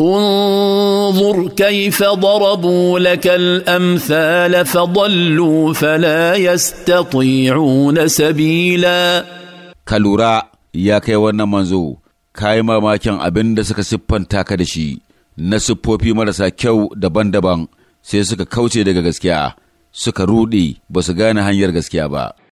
انظر كيف ضربوا لك الامثال فضلوا فلا يستطيعون سبيلا كالورا يا كي wannan manzo kai mamakin abin da suka siffanta ka da shi na siffofi marasa kyau daban-daban sai suka kauce daga gaskiya suka ruɗe ba su gane hanyar gaskiya ba